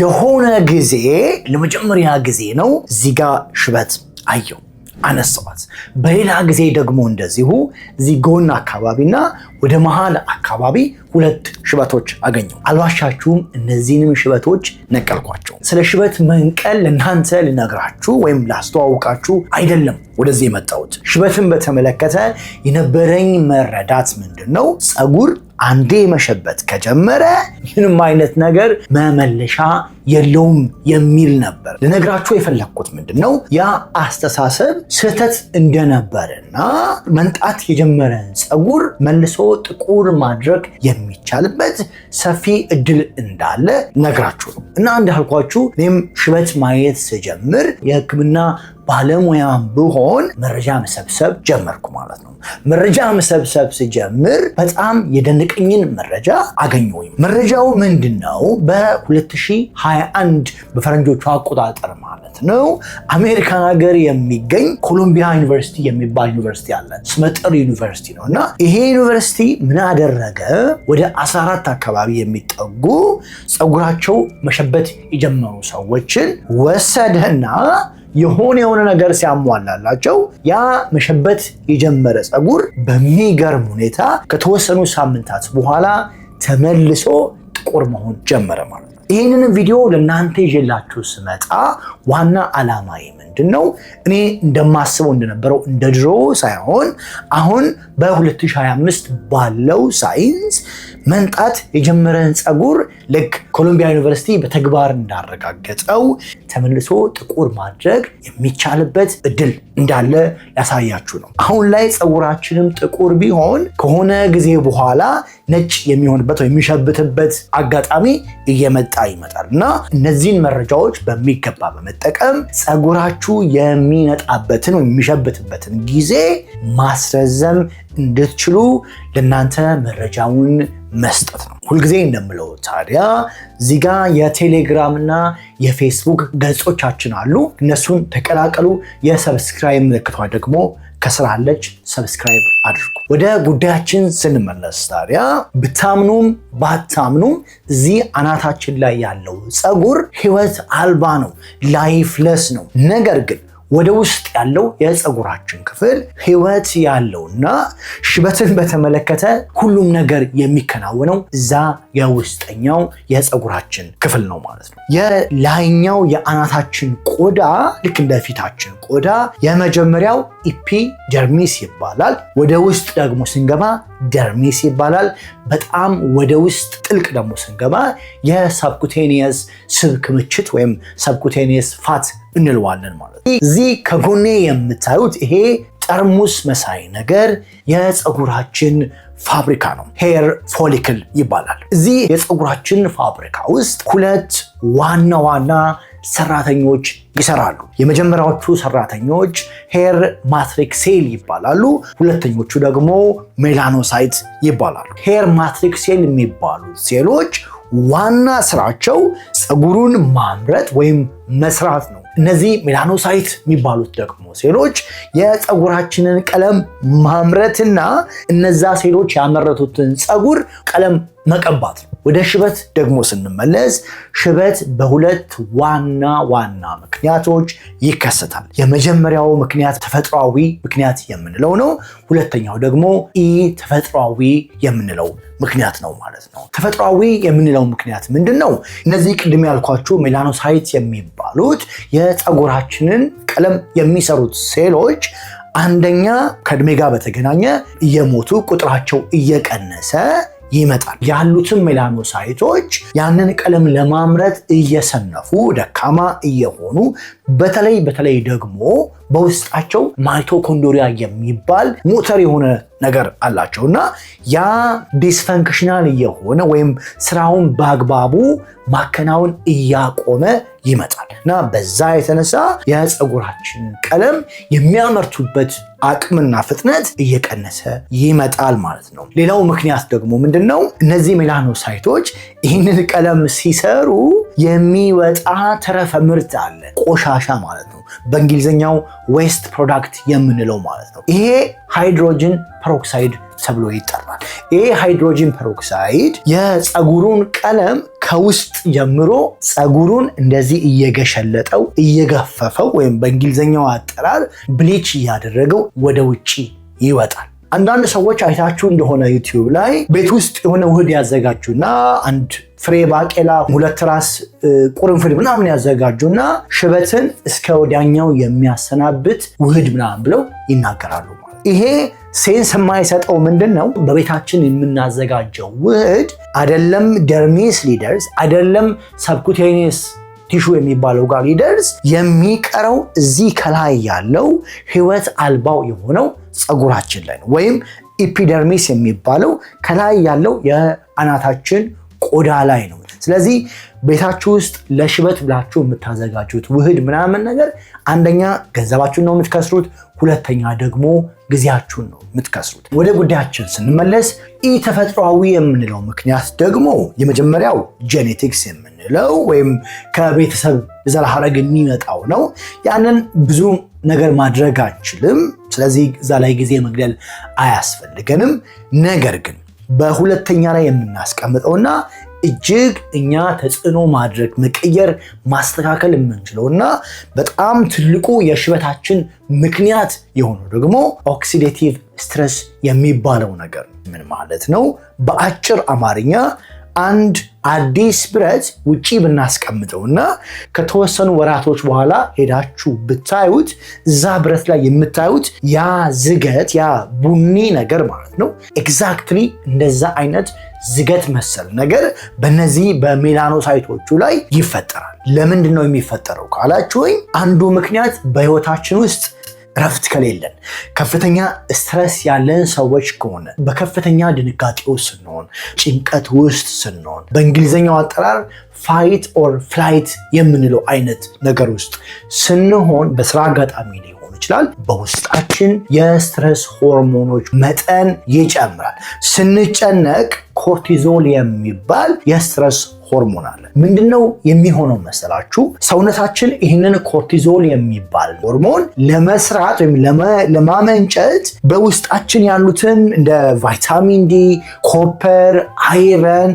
የሆነ ጊዜ ለመጀመሪያ ጊዜ ነው እዚህ ጋ ሽበት አየው አነሳዋት። በሌላ ጊዜ ደግሞ እንደዚሁ እዚህ ጎን አካባቢና ወደ መሃል አካባቢ ሁለት ሽበቶች አገኘው። አልዋሻችሁም፣ እነዚህንም ሽበቶች ነቀልኳቸው። ስለ ሽበት መንቀል ለእናንተ ልነግራችሁ ወይም ላስተዋውቃችሁ አይደለም ወደዚህ የመጣሁት። ሽበትን በተመለከተ የነበረኝ መረዳት ምንድን ነው? ፀጉር አንዴ መሸበት ከጀመረ ምንም አይነት ነገር መመለሻ የለውም የሚል ነበር። ልነግራችሁ የፈለግኩት ምንድን ነው ያ አስተሳሰብ ስህተት እንደነበርና መንጣት የጀመረን ፀጉር መልሶ ጥቁር ማድረግ የሚቻልበት ሰፊ እድል እንዳለ ነግራችሁ ነው እና እንዳልኳችሁ እኔም ሽበት ማየት ስጀምር የህክምና ባለሙያ ብሆን መረጃ መሰብሰብ ጀመርኩ ማለት ነው። መረጃ መሰብሰብ ስጀምር በጣም የደነቀኝን መረጃ አገኘሁኝ። መረጃው ምንድን ነው? በ2021 በፈረንጆቹ አቆጣጠር ማለት ነው አሜሪካን ሀገር የሚገኝ ኮሎምቢያ ዩኒቨርሲቲ የሚባል ዩኒቨርሲቲ አለ። ስመጥር ዩኒቨርሲቲ ነው እና ይሄ ዩኒቨርሲቲ ምን አደረገ? ወደ 14 አካባቢ የሚጠጉ ፀጉራቸው መሸበት የጀመሩ ሰዎችን ወሰደና የሆነ የሆነ ነገር ሲያሟላላቸው ያ መሸበት የጀመረ ፀጉር በሚገርም ሁኔታ ከተወሰኑ ሳምንታት በኋላ ተመልሶ ጥቁር መሆን ጀመረ ማለት ነው። ይህንንም ቪዲዮ ለእናንተ ይዤላችሁ ስመጣ ዋና ዓላማ ምንድን ነው እኔ እንደማስበው እንደነበረው እንደ ድሮ ሳይሆን አሁን በ2025 ባለው ሳይንስ መንጣት የጀመረን ፀጉር ልክ ኮሎምቢያ ዩኒቨርሲቲ በተግባር እንዳረጋገጠው ተመልሶ ጥቁር ማድረግ የሚቻልበት እድል እንዳለ ያሳያችሁ ነው። አሁን ላይ ፀጉራችንም ጥቁር ቢሆን ከሆነ ጊዜ በኋላ ነጭ የሚሆንበት ወይ የሚሸብትበት አጋጣሚ እየመጣ ይመጣል እና እነዚህን መረጃዎች በሚገባ በመጠቀም ፀጉራችሁ ጸባያችሁ የሚነጣበትን ወይም የሚሸብትበትን ጊዜ ማስረዘም እንድትችሉ ለእናንተ መረጃውን መስጠት ነው። ሁልጊዜ እንደምለው ታዲያ እዚህ ጋ እና የፌስቡክ ገጾቻችን አሉ። እነሱን ተቀላቀሉ። የሰብስክራይብ ምልክቷ ደግሞ ከስራለች ሰብስክራይብ አድርጉ። ወደ ጉዳያችን ስንመለስ ታዲያ ብታምኑም ባታምኑም እዚህ አናታችን ላይ ያለው ፀጉር ህይወት አልባ ነው፣ ላይፍለስ ነው። ነገር ግን ወደ ውስጥ ያለው የፀጉራችን ክፍል ህይወት ያለውና ሽበትን በተመለከተ ሁሉም ነገር የሚከናወነው እዛ የውስጠኛው የፀጉራችን ክፍል ነው ማለት ነው። የላይኛው የአናታችን ቆዳ ልክ እንደ ፊታችን ቆዳ የመጀመሪያው ኢፒ ደርሚስ ይባላል። ወደ ውስጥ ደግሞ ስንገባ ደርሚስ ይባላል። በጣም ወደ ውስጥ ጥልቅ ደግሞ ስንገባ የሳብኩቴኒየስ ስብ ክምችት ወይም ሳብኩቴኒየስ ፋት እንለዋለን ማለት ነው። እዚህ ከጎኔ የምታዩት ይሄ ጠርሙስ መሳይ ነገር የፀጉራችን ፋብሪካ ነው። ሄር ፎሊክል ይባላል። እዚህ የፀጉራችን ፋብሪካ ውስጥ ሁለት ዋና ዋና ሰራተኞች ይሰራሉ። የመጀመሪያዎቹ ሰራተኞች ሄር ማትሪክስ ሴል ይባላሉ። ሁለተኞቹ ደግሞ ሜላኖሳይት ይባላሉ። ሄር ማትሪክስ ሴል የሚባሉ ሴሎች ዋና ስራቸው ፀጉሩን ማምረት ወይም መስራት ነው። እነዚህ ሜላኖሳይት የሚባሉት ደግሞ ሴሎች የፀጉራችንን ቀለም ማምረትና እነዛ ሴሎች ያመረቱትን ፀጉር ቀለም መቀባት ወደ ሽበት ደግሞ ስንመለስ ሽበት በሁለት ዋና ዋና ምክንያቶች ይከሰታል። የመጀመሪያው ምክንያት ተፈጥሯዊ ምክንያት የምንለው ነው። ሁለተኛው ደግሞ ኢ ተፈጥሯዊ የምንለው ምክንያት ነው ማለት ነው። ተፈጥሯዊ የምንለው ምክንያት ምንድን ነው? እነዚህ ቅድም ያልኳችሁ ሜላኖሳይት የሚባሉት የፀጉራችንን ቀለም የሚሰሩት ሴሎች አንደኛ ከእድሜ ጋር በተገናኘ እየሞቱ ቁጥራቸው እየቀነሰ ይመጣል። ያሉትን ሜላኖሳይቶች ያንን ቀለም ለማምረት እየሰነፉ ደካማ እየሆኑ በተለይ በተለይ ደግሞ በውስጣቸው ማይቶኮንዶሪያ የሚባል ሞተር የሆነ ነገር አላቸው እና ያ ዲስፈንክሽናል እየሆነ ወይም ስራውን በአግባቡ ማከናወን እያቆመ ይመጣል እና በዛ የተነሳ የፀጉራችን ቀለም የሚያመርቱበት አቅምና ፍጥነት እየቀነሰ ይመጣል ማለት ነው። ሌላው ምክንያት ደግሞ ምንድን ነው? እነዚህ ሜላኖሳይቶች ይህንን ቀለም ሲሰሩ የሚወጣ ተረፈ ምርት አለ፣ ቆሻሻ ማለት ነው። በእንግሊዝኛው ዌስት ፕሮዳክት የምንለው ማለት ነው። ይሄ ሃይድሮጅን ፐሮክሳይድ ተብሎ ይጠራል። ይሄ ሃይድሮጅን ፐሮክሳይድ የፀጉሩን ቀለም ከውስጥ ጀምሮ ፀጉሩን እንደዚህ እየገሸለጠው እየገፈፈው፣ ወይም በእንግሊዝኛው አጠራር ብሊች እያደረገው ወደ ውጭ ይወጣል። አንዳንድ ሰዎች አይታችሁ እንደሆነ ዩቲዩብ ላይ ቤት ውስጥ የሆነ ውህድ ያዘጋጁና አንድ ፍሬ ባቄላ፣ ሁለት ራስ ቁርንፍድ ምናምን ያዘጋጁና ሽበትን እስከ ወዲያኛው የሚያሰናብት ውህድ ምናምን ብለው ይናገራሉ። ይሄ ሴንስ የማይሰጠው ምንድን ነው? በቤታችን የምናዘጋጀው ውህድ አይደለም ደርሜስ ሊደርስ አይደለም ሰብኩቴኒስ ቲሹ የሚባለው ጋር ሊደርስ የሚቀረው እዚህ ከላይ ያለው ህይወት አልባው የሆነው ፀጉራችን ላይ ነው ወይም ኢፒደርሚስ የሚባለው ከላይ ያለው የአናታችን ቆዳ ላይ ነው። ስለዚህ ቤታችሁ ውስጥ ለሽበት ብላችሁ የምታዘጋጁት ውህድ ምናምን ነገር አንደኛ ገንዘባችሁን ነው የምትከስሩት፣ ሁለተኛ ደግሞ ጊዜያችሁን ነው የምትከስሩት። ወደ ጉዳያችን ስንመለስ ኢ ተፈጥሯዊ የምንለው ምክንያት ደግሞ የመጀመሪያው ጄኔቲክስ የምንለው ወይም ከቤተሰብ ዘር ሐረግ የሚመጣው ነው። ያንን ብዙ ነገር ማድረግ አንችልም። ስለዚህ እዛ ላይ ጊዜ መግደል አያስፈልገንም። ነገር ግን በሁለተኛ ላይ የምናስቀምጠውና እጅግ እኛ ተጽዕኖ ማድረግ መቀየር፣ ማስተካከል የምንችለው እና በጣም ትልቁ የሽበታችን ምክንያት የሆነው ደግሞ ኦክሲዴቲቭ ስትረስ የሚባለው ነገር ምን ማለት ነው? በአጭር አማርኛ አንድ አዲስ ብረት ውጪ ብናስቀምጠው እና ከተወሰኑ ወራቶች በኋላ ሄዳችሁ ብታዩት እዛ ብረት ላይ የምታዩት ያ ዝገት፣ ያ ቡኒ ነገር ማለት ነው። ኤግዛክትሊ እንደዛ አይነት ዝገት መሰል ነገር በነዚህ በሜላኖሳይቶቹ ላይ ይፈጠራል። ለምንድን ነው የሚፈጠረው ካላችሁኝ፣ አንዱ ምክንያት በህይወታችን ውስጥ እረፍት ከሌለን ከፍተኛ ስትረስ ያለን ሰዎች ከሆነ በከፍተኛ ድንጋጤ ውስጥ ስንሆን፣ ጭንቀት ውስጥ ስንሆን፣ በእንግሊዝኛው አጠራር ፋይት ኦር ፍላይት የምንለው አይነት ነገር ውስጥ ስንሆን በስራ አጋጣሚ ሊሆን ይችላል በውስጣችን የስትረስ ሆርሞኖች መጠን ይጨምራል። ስንጨነቅ ኮርቲዞል የሚባል የስትረስ ሆርሞን አለ። ምንድነው የሚሆነው መሰላችሁ? ሰውነታችን ይህንን ኮርቲዞል የሚባል ሆርሞን ለመስራት ወይም ለማመንጨት በውስጣችን ያሉትን እንደ ቫይታሚን ዲ፣ ኮፐር፣ አይረን፣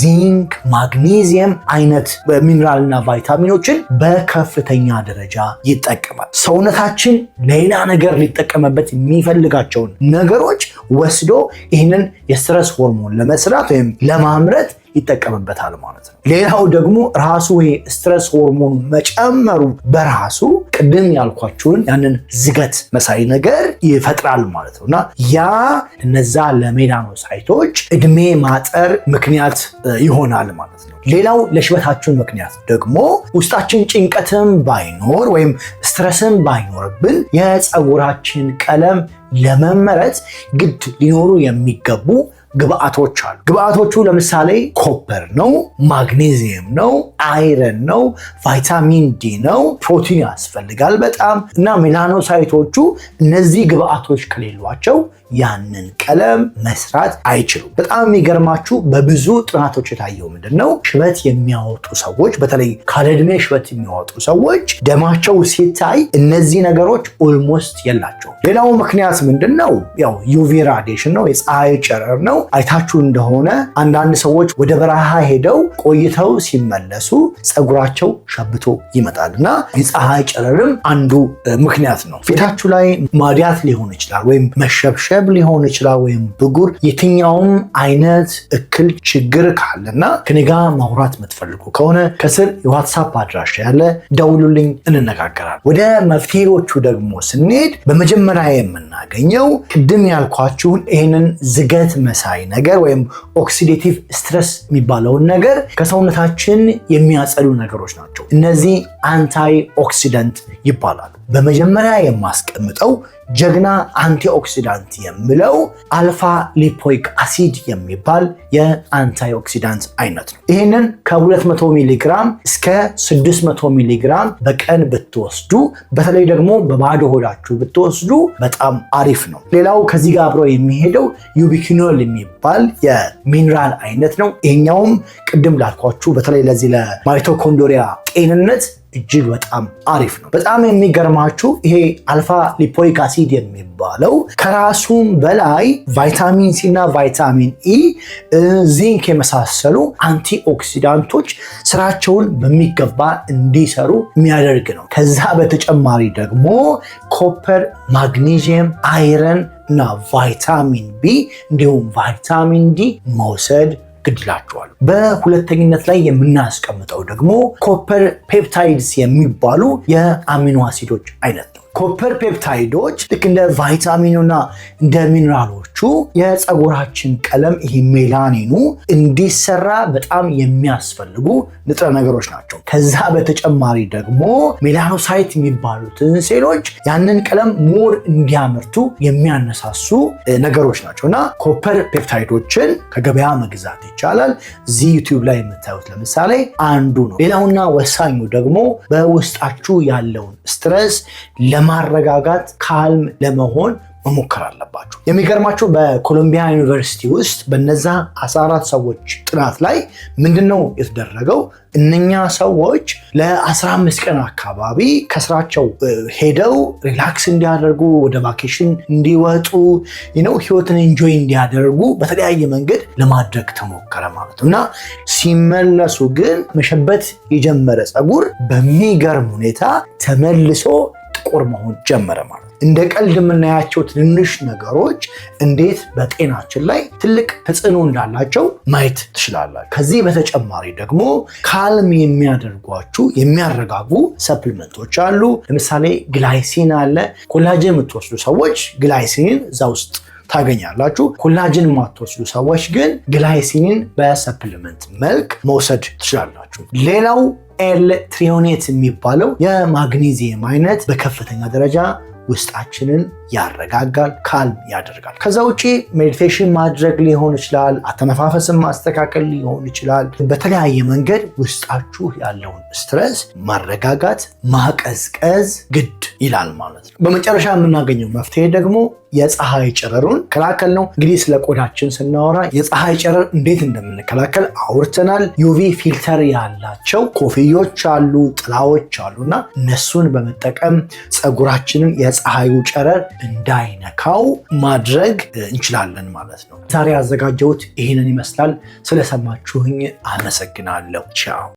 ዚንክ፣ ማግኔዚየም አይነት ሚኒራልና ቫይታሚኖችን በከፍተኛ ደረጃ ይጠቀማል። ሰውነታችን ሌላ ነገር ሊጠቀምበት የሚፈልጋቸውን ነገሮች ወስዶ ይህንን የስትረስ ሆርሞን ለመስራት ወይም ለማምረት ይጠቀምበታል ማለት ነው። ሌላው ደግሞ ራሱ ይሄ ስትረስ ሆርሞን መጨመሩ በራሱ ቅድም ያልኳችሁን ያንን ዝገት መሳይ ነገር ይፈጥራል ማለት ነው እና ያ እነዛ ለሜላኖሳይቶች እድሜ ማጠር ምክንያት ይሆናል ማለት ነው። ሌላው ለሽበታችን ምክንያት ደግሞ ውስጣችን ጭንቀትም ባይኖር ወይም ስትረስም ባይኖርብን የፀጉራችን ቀለም ለመመረጥ ግድ ሊኖሩ የሚገቡ ግብአቶች አሉ። ግብአቶቹ ለምሳሌ ኮፐር ነው፣ ማግኔዚየም ነው፣ አይረን ነው፣ ቫይታሚን ዲ ነው። ፕሮቲን ያስፈልጋል በጣም እና ሜላኖሳይቶቹ እነዚህ ግብአቶች ከሌሏቸው ያንን ቀለም መስራት አይችሉም። በጣም የሚገርማችሁ በብዙ ጥናቶች የታየው ምንድን ነው? ሽበት የሚያወጡ ሰዎች በተለይ ካለድሜ ሽበት የሚያወጡ ሰዎች ደማቸው ሲታይ እነዚህ ነገሮች ኦልሞስት የላቸው። ሌላው ምክንያት ምንድን ነው? ያው ዩቪ ነው፣ የፀሐይ ጨረር ነው። አይታችሁ እንደሆነ አንዳንድ ሰዎች ወደ በረሃ ሄደው ቆይተው ሲመለሱ ፀጉራቸው ሸብቶ ይመጣል እና የፀሐይ ጨረርም አንዱ ምክንያት ነው። ፊታችሁ ላይ ማዲያት ሊሆን ይችላል ወይም መሸብሸብ ጸብ ሊሆን ይችላል ወይም ብጉር፣ የትኛውም አይነት እክል ችግር ካለና ከኔ ጋር ማውራት የምትፈልጉ ከሆነ ከስር የዋትሳፕ አድራሻ ያለ ደውሉልኝ፣ እንነጋገራል። ወደ መፍትሄዎቹ ደግሞ ስንሄድ በመጀመሪያ የምናገኘው ቅድም ያልኳችሁን ይህንን ዝገት መሳይ ነገር ወይም ኦክሲዴቲቭ ስትረስ የሚባለውን ነገር ከሰውነታችን የሚያጸዱ ነገሮች ናቸው እነዚህ አንታይ ኦክሲደንት ይባላል። በመጀመሪያ የማስቀምጠው ጀግና አንቲ ኦክሲዳንት የምለው አልፋ ሊፖይክ አሲድ የሚባል የአንታይ ኦክሲዳንት አይነት ነው። ይህንን ከ200 ሚሊግራም እስከ 600 ሚሊግራም በቀን ብትወስዱ፣ በተለይ ደግሞ በባዶ ሆዳችሁ ብትወስዱ በጣም አሪፍ ነው። ሌላው ከዚህ ጋር አብረው የሚሄደው ዩቢኪኖል የሚባል የሚኒራል አይነት ነው። ይሄኛውም ቅድም ላልኳችሁ በተለይ ለዚህ ለማይቶኮንዶሪያ ጤንነት እጅግ በጣም አሪፍ ነው። በጣም የሚገርማችሁ ይሄ አልፋ ሊፖይክ አሲድ የሚባለው ከራሱም በላይ ቫይታሚን ሲ እና ቫይታሚን ኢ፣ ዚንክ የመሳሰሉ አንቲ ኦክሲዳንቶች ስራቸውን በሚገባ እንዲሰሩ የሚያደርግ ነው። ከዛ በተጨማሪ ደግሞ ኮፐር፣ ማግኒዥየም፣ አይረን እና ቫይታሚን ቢ እንዲሁም ቫይታሚን ዲ መውሰድ ግድላቸዋል። በሁለተኝነት ላይ የምናስቀምጠው ደግሞ ኮፐር ፔፕታይድስ የሚባሉ የአሚኖ አሲዶች አይነት ነው። ኮፐር ፔፕታይዶች ልክ እንደ ቫይታሚኑና እንደ ሚኒራሎቹ የፀጉራችን ቀለም ይሄ ሜላኒኑ እንዲሰራ በጣም የሚያስፈልጉ ንጥረ ነገሮች ናቸው። ከዛ በተጨማሪ ደግሞ ሜላኖሳይት የሚባሉትን ሴሎች ያንን ቀለም ሞር እንዲያመርቱ የሚያነሳሱ ነገሮች ናቸው እና ኮፐር ፔፕታይዶችን ከገበያ መግዛት ይቻላል። እዚህ ዩቲዩብ ላይ የምታዩት ለምሳሌ አንዱ ነው። ሌላውና ወሳኙ ደግሞ በውስጣችሁ ያለውን ስትረስ ለማ ለማረጋጋት ካልም ለመሆን መሞከር አለባቸው። የሚገርማቸው በኮሎምቢያ ዩኒቨርሲቲ ውስጥ በነዛ 14 ሰዎች ጥናት ላይ ምንድን ነው የተደረገው? እነኛ ሰዎች ለ15 ቀን አካባቢ ከስራቸው ሄደው ሪላክስ እንዲያደርጉ ወደ ቫኬሽን እንዲወጡ ነው ህይወትን ኢንጆይ እንዲያደርጉ በተለያየ መንገድ ለማድረግ ተሞከረ ማለት ነው። እና ሲመለሱ ግን መሸበት የጀመረ ፀጉር በሚገርም ሁኔታ ተመልሶ ጥቁር መሆን ጀመረ ማለት ነው። እንደ ቀልድ የምናያቸው ትንንሽ ነገሮች እንዴት በጤናችን ላይ ትልቅ ተጽዕኖ እንዳላቸው ማየት ትችላላችሁ። ከዚህ በተጨማሪ ደግሞ ካልም የሚያደርጓችሁ የሚያረጋጉ ሰፕሊመንቶች አሉ። ለምሳሌ ግላይሲን አለ። ኮላጅን የምትወስዱ ሰዎች ግላይሲንን እዛ ውስጥ ታገኛላችሁ። ኮላጅን የማትወስዱ ሰዎች ግን ግላይሲንን በሰፕሊመንት መልክ መውሰድ ትችላላችሁ። ሌላው ኤል ትሪዮኔት የሚባለው የማግኔዚየም አይነት በከፍተኛ ደረጃ ውስጣችንን ያረጋጋል፣ ካልም ያደርጋል። ከዛ ውጪ ሜዲቴሽን ማድረግ ሊሆን ይችላል፣ አተነፋፈስን ማስተካከል ሊሆን ይችላል። በተለያየ መንገድ ውስጣችሁ ያለውን ስትረስ ማረጋጋት፣ ማቀዝቀዝ ግድ ይላል ማለት ነው። በመጨረሻ የምናገኘው መፍትሄ ደግሞ የፀሐይ ጨረሩን ከላከል ነው። እንግዲህ ስለ ቆዳችን ስናወራ የፀሐይ ጨረር እንዴት እንደምንከላከል አውርተናል። ዩቪ ፊልተር ያላቸው ኮፍዮች አሉ፣ ጥላዎች አሉ እና እነሱን በመጠቀም ፀጉራችንን የፀሐዩ ጨረር እንዳይነካው ማድረግ እንችላለን ማለት ነው። ዛሬ ያዘጋጀሁት ይህንን ይመስላል። ስለሰማችሁኝ አመሰግናለሁ። ቻው